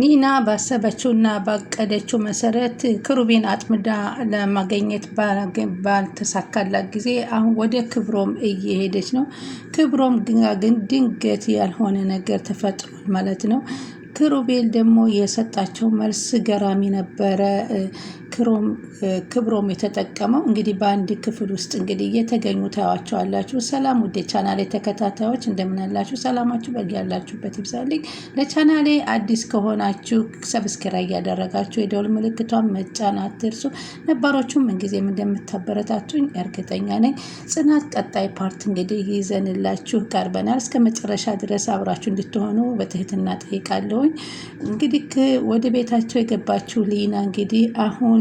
ኒና ባሰበችውና ባቀደችው መሰረት ክሩቤን አጥምዳ ለማገኘት ባልተሳካላት ጊዜ አሁን ወደ ክብሮም እየሄደች ነው። ክብሮም ግን ድንገት ያልሆነ ነገር ተፈጥሯል ማለት ነው። ክሩቤል ደግሞ የሰጣቸው መልስ ገራሚ ነበረ። ክብሮም የተጠቀመው እንግዲህ በአንድ ክፍል ውስጥ እንግዲህ እየተገኙ ታያቸዋላችሁ። ሰላም ውድ የቻናሌ ተከታታዮች እንደምናላችሁ፣ ሰላማችሁ በያላችሁበት ይብዛልኝ። ለቻናሌ አዲስ ከሆናችሁ ሰብስክራይ እያደረጋችሁ የደውል ምልክቷን መጫን አትርሱ። ነባሮቹ ምንጊዜም እንደምታበረታቱኝ እርግጠኛ ነኝ። ጽናት ቀጣይ ፓርት እንግዲህ ይዘንላችሁ ቀርበናል። እስከ መጨረሻ ድረስ አብራችሁ እንድትሆኑ በትህትና ጠይቃለሁኝ። እንግዲህ ወደ ቤታቸው የገባችሁ ሊና እንግዲህ አሁን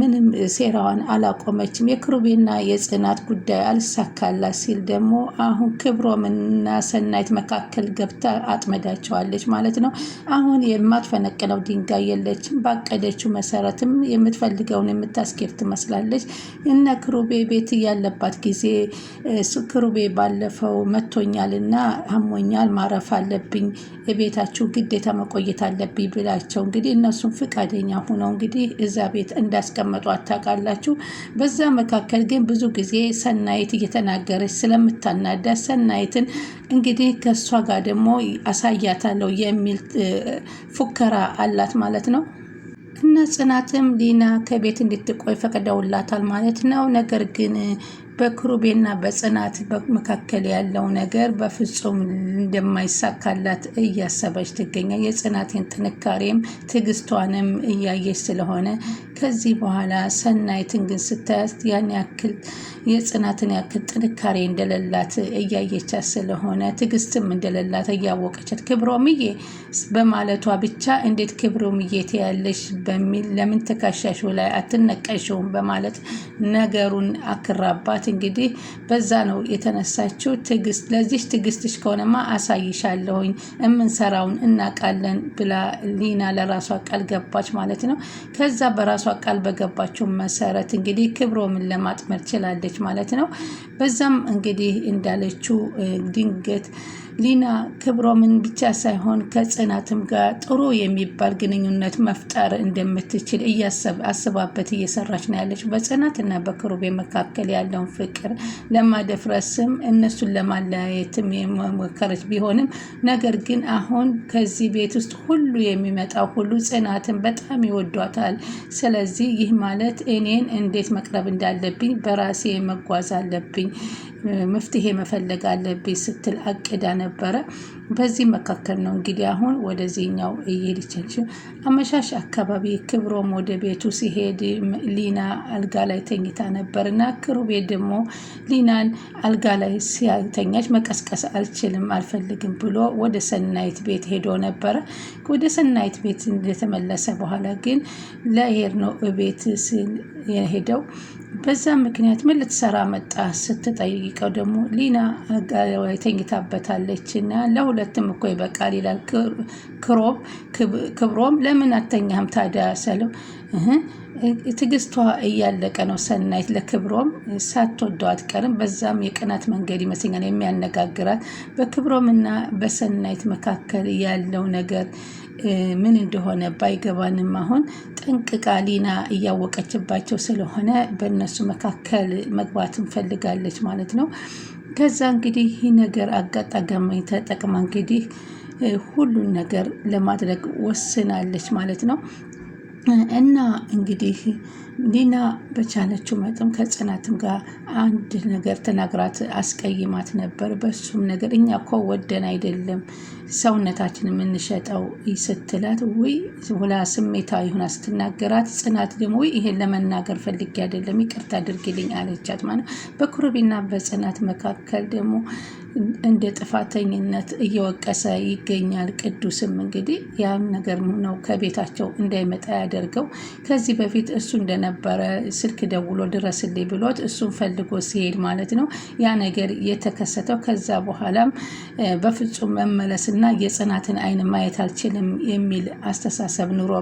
ምንም ሴራዋን አላቆመችም። የክሩቤና የጽናት ጉዳይ አልሳካላት ሲል ደግሞ አሁን ክብሮምና ሰናይት መካከል ገብታ አጥመዳቸዋለች ማለት ነው። አሁን የማትፈነቅለው ድንጋይ የለችም። ባቀደችው መሰረትም የምትፈልገውን የምታስኬድ ትመስላለች። እነ ክሩቤ ቤት ያለባት ጊዜ ክሩቤ ባለፈው መቶኛል አሞኛል ማረፍ አለብኝ የቤታችሁ ግዴታ መቆየት አለብኝ ብላቸው እንግዲህ እነሱም ፈቃደኛ ሁነው እንግዲህ እዛ ቤት እንዳ እንዳስቀመጡ ታውቃላችሁ። በዛ መካከል ግን ብዙ ጊዜ ሰናይት እየተናገረች ስለምታናዳ ሰናይትን እንግዲህ ከእሷ ጋር ደግሞ አሳያታለሁ የሚል ፉከራ አላት ማለት ነው። እና ጽናትም ሊና ከቤት እንድትቆይ ፈቅደውላታል ማለት ነው። ነገር ግን በክሩቤና በጽናት መካከል ያለው ነገር በፍጹም እንደማይሳካላት እያሰበች ትገኛል። የጽናትን ጥንካሬም ትዕግስቷንም እያየች ስለሆነ ከዚህ በኋላ ሰናይትን ግን ስታያት ያን ያክል የጽናትን ያክል ጥንካሬ እንደሌላት እያየቻት ስለሆነ ትዕግስትም እንደሌላት እያወቀቻት ክብሮምዬ በማለቷ ብቻ እንዴት ክብሮምዬ ትያለሽ በሚል ለምን ተካሻሹ ላይ አትነቀሽውም በማለት ነገሩን አክራባት። እንግዲህ በዛ ነው የተነሳችው። ትዕግስት ለዚች ትዕግስትሽ ከሆነማ አሳይሻለሁኝ የምንሰራውን እናቃለን ብላ ሊና ለራሷ ቃል ገባች ማለት ነው። ከዛ በራሷ ቃል በገባችው መሰረት እንግዲህ ክብሮምን ለማጥመር ችላለች ማለት ነው። በዛም እንግዲህ እንዳለችው ድንገት ሊና ክብሮምን ብቻ ሳይሆን ከጽናትም ጋር ጥሩ የሚባል ግንኙነት መፍጠር እንደምትችል አስባበት እየሰራች ነው ያለች። በጽናትና በክሩቤ መካከል ያለውን ፍቅር ለማደፍረስም እነሱን ለማለያየትም የሞከረች ቢሆንም ነገር ግን አሁን ከዚህ ቤት ውስጥ ሁሉ የሚመጣው ሁሉ ጽናትን በጣም ይወዷታል። ስለዚህ ይህ ማለት እኔን እንዴት መቅረብ እንዳለብኝ በራሴ መጓዝ አለብኝ መፍትሄ መፈለግ አለብኝ ስትል አቅዳ ነበረ። በዚህ መካከል ነው እንግዲህ አሁን ወደዚህኛው እየሄደች አመሻሽ አካባቢ ክብሮም ወደ ቤቱ ሲሄድ ሊና አልጋ ላይ ተኝታ ነበር እና ክሩቤ ደግሞ ሊናን አልጋ ላይ ሲያተኛች መቀስቀስ አልችልም አልፈልግም ብሎ ወደ ሰናይት ቤት ሄዶ ነበረ። ወደ ሰናይት ቤት እንደተመለሰ በኋላ ግን ለሄድ ነው እቤት ስል የሄደው በዛ ምክንያት ምን ልትሰራ መጣ ስትጠይቀው ደግሞ ሊና ተኝታበታለች እና ለሁ ሁለትም እኮ ይበቃል ይላል። ክሮም ክብሮም ለምን አተኛህም ታዲያ ሰለው ትግስቷ እያለቀ ነው። ሰናይት ለክብሮም ሳትወደው አትቀርም። በዛም የቅናት መንገድ ይመስለኛል የሚያነጋግራት በክብሮም እና በሰናይት መካከል ያለው ነገር ምን እንደሆነ ባይገባንም አሁን ጠንቅቃ ሊና እያወቀችባቸው ስለሆነ በእነሱ መካከል መግባት እንፈልጋለች ማለት ነው። ከዛ እንግዲህ ይህ ነገር አጋጣሚ ተጠቅማ እንግዲህ ሁሉን ነገር ለማድረግ ወስናለች ማለት ነው እና እንግዲህ ሊና በቻለችው መጠን ከጽናትም ጋር አንድ ነገር ተናግራት አስቀይማት ነበር። በሱም ነገር እኛ እኮ ወደን አይደለም ሰውነታችን የምንሸጠው ስትላት፣ ውይ ሁላ ስሜታዊ ሆና ስትናገራት፣ ጽናት ደግሞ ውይ ይሄን ለመናገር ፈልጌ አይደለም ይቅርታ አድርግልኝ አለቻት። ማለት በኩርቢና በጽናት መካከል ደግሞ እንደ ጥፋተኝነት እየወቀሰ ይገኛል። ቅዱስም እንግዲህ ያም ነገር ነው ከቤታቸው እንዳይመጣ ያደርገው ከዚህ በፊት እሱ እንደና ነበረ ስልክ ደውሎ ድረስልኝ ብሎት እሱን ፈልጎ ሲሄድ ማለት ነው ያ ነገር የተከሰተው። ከዛ በኋላም በፍጹም መመለስና የጽናትን አይን ማየት አልችልም የሚል አስተሳሰብ ኑሮ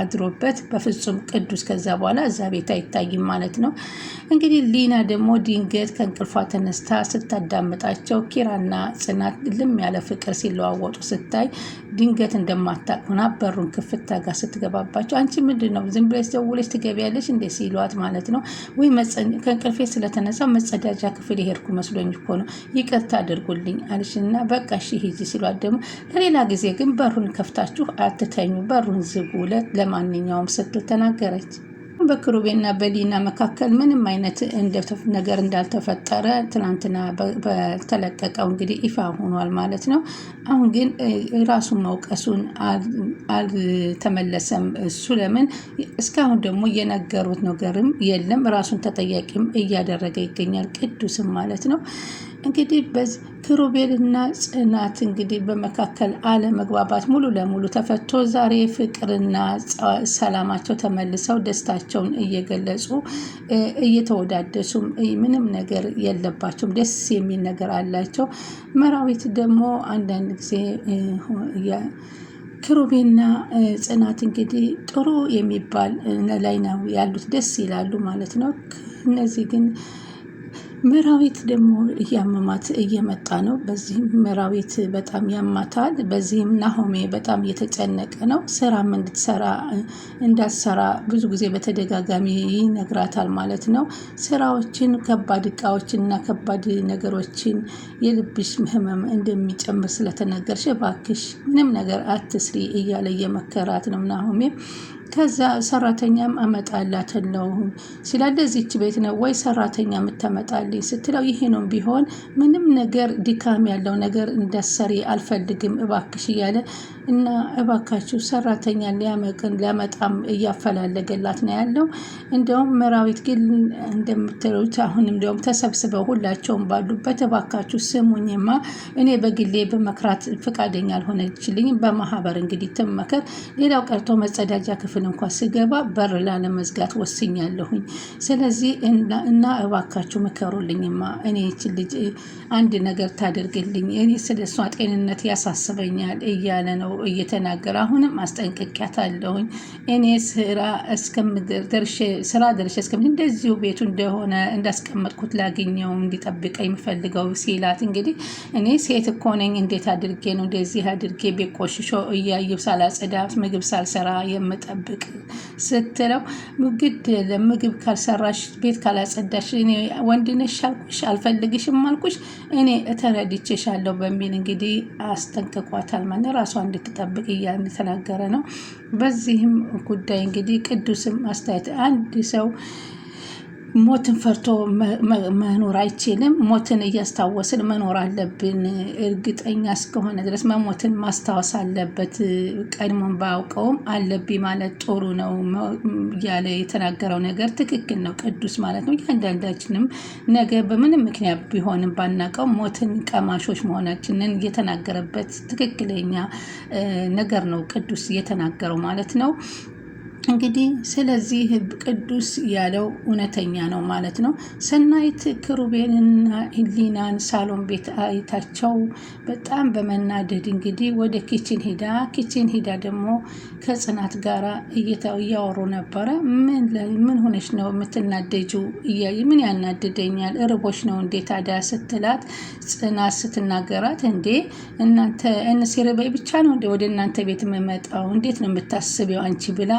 አድሮበት በፍጹም ቅዱስ ከዛ በኋላ እዛ ቤት አይታይም ማለት ነው። እንግዲህ ሊና ደግሞ ድንገት ከእንቅልፏ ተነስታ ስታዳምጣቸው ኪራና ጽናት ልም ያለ ፍቅር ሲለዋወጡ ስታይ ድንገት እንደማታውቅ በሩን ክፍት አድርጋ ስትገባባቸው አንቺ ምንድን ነው ዝም ብለሽ ደውለሽ ትገቢያለሽ ትሰሪያለሽ እንዴ ሲሏት ማለት ነው ወይ ከእንቅልፌ ስለተነሳው መጸዳጃ ክፍል የሄድኩ መስሎኝ እኮ ነው ይቅርታ አድርጉልኝ አልሽና በቃ እሺ ሂጂ ሲሏት ደግሞ ለሌላ ጊዜ ግን በሩን ከፍታችሁ አትተኙ፣ በሩን ዝጉ ለማንኛውም ስትል ተናገረች። በክሩቤና በዲና መካከል ምንም አይነት ነገር እንዳልተፈጠረ ትናንትና በተለቀቀው እንግዲህ ይፋ ሆኗል ማለት ነው። አሁን ግን ራሱን መውቀሱን አልተመለሰም። እሱ ለምን እስካሁን ደግሞ የነገሩት ነገርም የለም። ራሱን ተጠያቂም እያደረገ ይገኛል ቅዱስም ማለት ነው። እንግዲህ በዚህ ክሩቤልና ጽናት እንግዲህ በመካከል አለመግባባት ሙሉ ለሙሉ ተፈቶ ዛሬ ፍቅርና ሰላማቸው ተመልሰው ደስታቸውን እየገለጹ እየተወዳደሱም ምንም ነገር የለባቸውም። ደስ የሚል ነገር አላቸው። መራዊት ደግሞ አንዳንድ ጊዜ ክሩቤና ጽናት እንግዲህ ጥሩ የሚባል ላይ ነው ያሉት፣ ደስ ይላሉ ማለት ነው። እነዚህ ግን ምራዊት ደግሞ እያመማት እየመጣ ነው። በዚህም ምራዊት በጣም ያማታል። በዚህም ናሆሜ በጣም እየተጨነቀ ነው። ስራም እንድትሰራ እንዳትሰራ ብዙ ጊዜ በተደጋጋሚ ይነግራታል ማለት ነው። ስራዎችን፣ ከባድ እቃዎችን እና ከባድ ነገሮችን የልብሽ ህመም እንደሚጨምር ስለተነገርሽ እባክሽ ምንም ነገር አትስሪ እያለ እየመከራት ነው ናሆሜ ከዛ ሰራተኛም አመጣላትን ነው ሲላት ቤት ነው ወይ ሰራተኛ የምታመጣልኝ ስትለው ይሄ ነው ቢሆን ምንም ነገር ድካም ያለው ነገር እንዳሰሪ አልፈልግም እባክሽ እያለ እና እባካችሁ ሰራተኛ ሊያመቅን ሊያመጣም እያፈላለገላት ነው ያለው። እንደውም መራዊት ግን እንደምትሉት አሁን እንዲያውም ተሰብስበው ሁላቸውም ባሉበት እባካችሁ ስሙኝማ እኔ በግሌ በመክራት ፈቃደኛ አልሆነችልኝ። በማህበር እንግዲህ ትመከር። ሌላው ቀርቶ መጸዳጃ ክፍል ክፍል እንኳ ስገባ በር ላለመዝጋት ወስኛለሁኝ። ስለዚህ እና እባካችሁ ምከሩልኝማ እኔ ይችን ልጅ አንድ ነገር ታደርግልኝ፣ እኔ ስለ እሷ ጤንነት ያሳስበኛል እያለ ነው እየተናገረ። አሁንም አስጠንቅቂያት አለሁኝ እኔ ስራ እስከምደርሽ ስራ ደርሼ እስከም እንደዚሁ ቤቱ እንደሆነ እንዳስቀመጥኩት ላገኘው እንዲጠብቀ የምፈልገው ሲላት እንግዲህ እኔ ሴት እኮ ነኝ እንዴት አድርጌ ነው እንደዚህ አድርጌ ቤት ቆሽሾ እያየሁ ሳላጸዳ ምግብ ሳልሰራ የምጠብቅ ጠብቅ ስትለው ምግድ ለምግብ ካልሰራሽ፣ ቤት ካላጸዳሽ እኔ ወንድነሽ አልኩሽ፣ አልፈልግሽም አልኩሽ፣ እኔ እተረድቼሻለሁ በሚል እንግዲህ አስጠንቅቋታል። ማለት ራሷ እንድትጠብቅ እያልን ነው። በዚህም ጉዳይ እንግዲህ ቅዱስም አስተያየት አንድ ሰው ሞትን ፈርቶ መኖር አይችልም። ሞትን እያስታወስን መኖር አለብን። እርግጠኛ እስከሆነ ድረስ መሞትን ማስታወስ አለበት። ቀድሞን ባያውቀውም አለብኝ ማለት ጥሩ ነው እያለ የተናገረው ነገር ትክክል ነው። ቅዱስ ማለት ነው። እያንዳንዳችንም ነገ በምንም ምክንያት ቢሆንም ባናውቀው ሞትን ቀማሾች መሆናችንን የተናገረበት ትክክለኛ ነገር ነው ቅዱስ የተናገረው ማለት ነው። እንግዲህ ስለዚህ ቅዱስ ያለው እውነተኛ ነው ማለት ነው። ሰናይት ክሩቤንና ህሊናን ሳሎን ቤት አይታቸው በጣም በመናደድ እንግዲህ ወደ ኪችን ሂዳ ኪችን ሂዳ ደግሞ ከጽናት ጋራ እያወሩ ነበረ። ምን ሆነች ነው የምትናደጁ? እያየ ምን ያናድደኛል? እርቦች ነው እንዴት ታዲያ ስትላት ጽናት ስትናገራት እንዴ እናንተ እንሴ ብቻ ነው ወደ እናንተ ቤት የምመጣው እንዴት ነው የምታስቢው አንቺ ብላ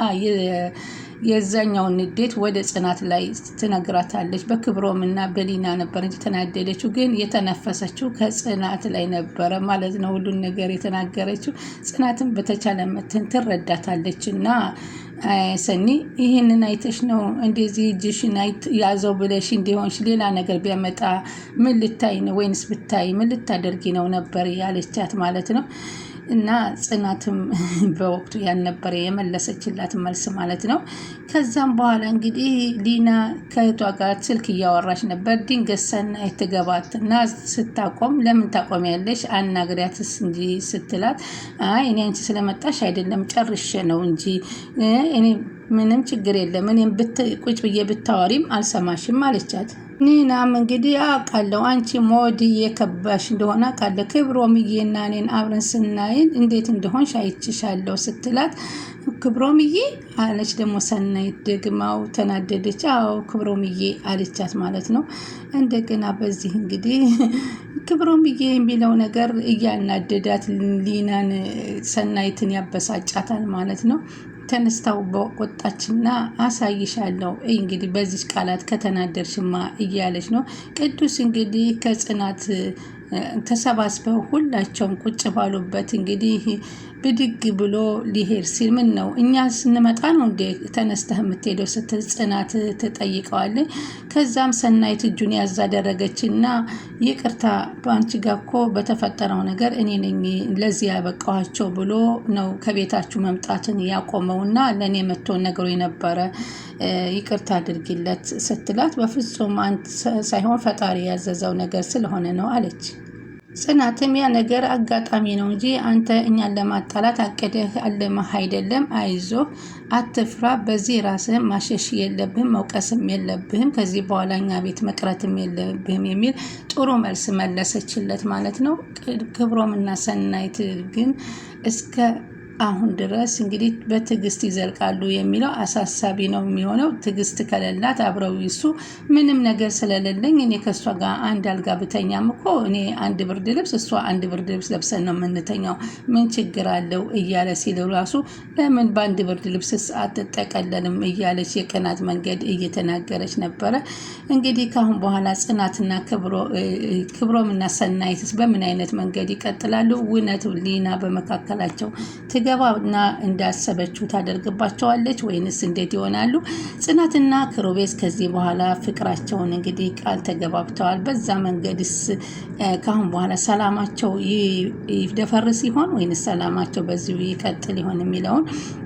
የዛኛውን ንዴት ወደ ጽናት ላይ ትነግራታለች። በክብሮም እና በሊና ነበር እንጂ ተናደደችው፣ ግን የተነፈሰችው ከጽናት ላይ ነበረ ማለት ነው። ሁሉን ነገር የተናገረችው ጽናትን በተቻለ መትን ትረዳታለች። እና ሰኒ ይህንን አይተሽ ነው እንደዚህ እጅሽን ያዘው ብለሽ እንዲሆንሽ ሌላ ነገር ቢያመጣ ምን ልታይ ነው? ወይንስ ብታይ ምን ልታደርጊ ነው ነበር ያለቻት ማለት ነው። እና ጽናትም በወቅቱ ያልነበረ የመለሰችላት መልስ ማለት ነው። ከዛም በኋላ እንግዲህ ሊና ከእህቷ ጋር ስልክ እያወራች ነበር። ድንገት ሰናይት እና ስታቆም ለምን ታቆሚያለሽ? አናግሪያትስ እንጂ ስትላት አይ እኔ አንቺ ስለመጣሽ አይደለም ጨርሼ ነው እንጂ እኔ ምንም ችግር የለም እኔም ቁጭ ብዬ ብታወሪም አልሰማሽም አለቻት። ኒናም እንግዲህ አውቃለሁ አንቺ ሞድ የከባሽ እንደሆነ አውቃለሁ። ክብሮምዬና እኔን አብረን ስናይን እንዴት እንደሆንሽ አይችሻለሁ ስትላት ክብሮምዬ አለች። ደግሞ ሰናይት ደግማው ተናደደች። አዎ ክብሮምዬ አለቻት ማለት ነው። እንደገና በዚህ እንግዲህ ክብሮምዬ የሚለው ነገር እያናደዳት ሊናን ሰናይትን ያበሳጫታል ማለት ነው። ተነስታው ወጣችና አሳይሻለሁ እንግዲህ በዚህ ቃላት ከተናደርሽማ እያለች ነው። ቅዱስ እንግዲህ ከጽናት ተሰባስበው ሁላቸውም ቁጭ ባሉበት እንግዲህ ብድግ ብሎ ሊሄድ ሲል ምን ነው እኛ ስንመጣ ነው እንዴ ተነስተህ የምትሄደው ስትል ጽናት ትጠይቀዋለች። ከዛም ሰናይት እጁን ያዝ አደረገችና ይቅርታ በአንቺ ጋር እኮ በተፈጠረው ነገር እኔ ነኝ ለዚህ ያበቃኋቸው ብሎ ነው ከቤታችሁ መምጣትን ያቆመውና ለእኔ መጥቶ ነግሮ የነበረ ይቅርታ አድርጊለት ስትላት በፍጹም ሳይሆን ፈጣሪ ያዘዘው ነገር ስለሆነ ነው አለች። ጽናትም ያ ነገር አጋጣሚ ነው እንጂ አንተ እኛን ለማጣላት አቅደህ አለመህ አይደለም። አይዞ አትፍራ። በዚህ ራስህን ማሸሽ የለብህም፣ መውቀስም የለብህም። ከዚህ በኋላ እኛ ቤት መቅረትም የለብህም የሚል ጥሩ መልስ መለሰችለት ማለት ነው። ክብሮም እና ሰናይት ግን እስከ አሁን ድረስ እንግዲህ በትዕግስት ይዘልቃሉ የሚለው አሳሳቢ ነው የሚሆነው። ትዕግስት ከሌላት አብረው ይሱ ምንም ነገር ስለሌለኝ እኔ ከእሷ ጋር አንድ አልጋ ብተኛም እኮ እኔ አንድ ብርድ ልብስ እሷ አንድ ብርድ ልብስ ለብሰን ነው የምንተኛው፣ ምን ችግር አለው እያለ ሲል ራሱ ለምን በአንድ ብርድ ልብስስ አትጠቀለልም እያለች የቅናት መንገድ እየተናገረች ነበረ። እንግዲህ ከአሁን በኋላ ጽናትና ክብሮምና ሰናይትስ በምን አይነት መንገድ ይቀጥላሉ? ውነት ሊና በመካከላቸው እንዲገባና እንዳሰበችው ታደርግባቸዋለች ወይንስ እንዴት ይሆናሉ? ጽናትና ክሮቤስ ከዚህ በኋላ ፍቅራቸውን እንግዲህ ቃል ተገባብተዋል። በዛ መንገድስ ካሁን በኋላ ሰላማቸው ይደፈርስ ይሆን ወይንስ ሰላማቸው በዚሁ ይቀጥል ይሆን የሚለውን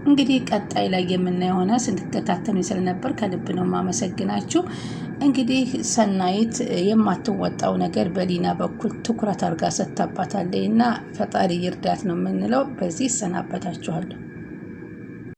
እንግዲህ ቀጣይ ላይ የምናየው ሆነ። ስንትከታተሉ ስለነበር ከልብ ነው ማመሰግናችሁ። እንግዲህ ሰናይት የማትወጣው ነገር በሊና በኩል ትኩረት አድርጋ ሰጥታባታለች እና ፈጣሪ ይርዳት ነው የምንለው። በዚህ እሰናበታችኋለሁ።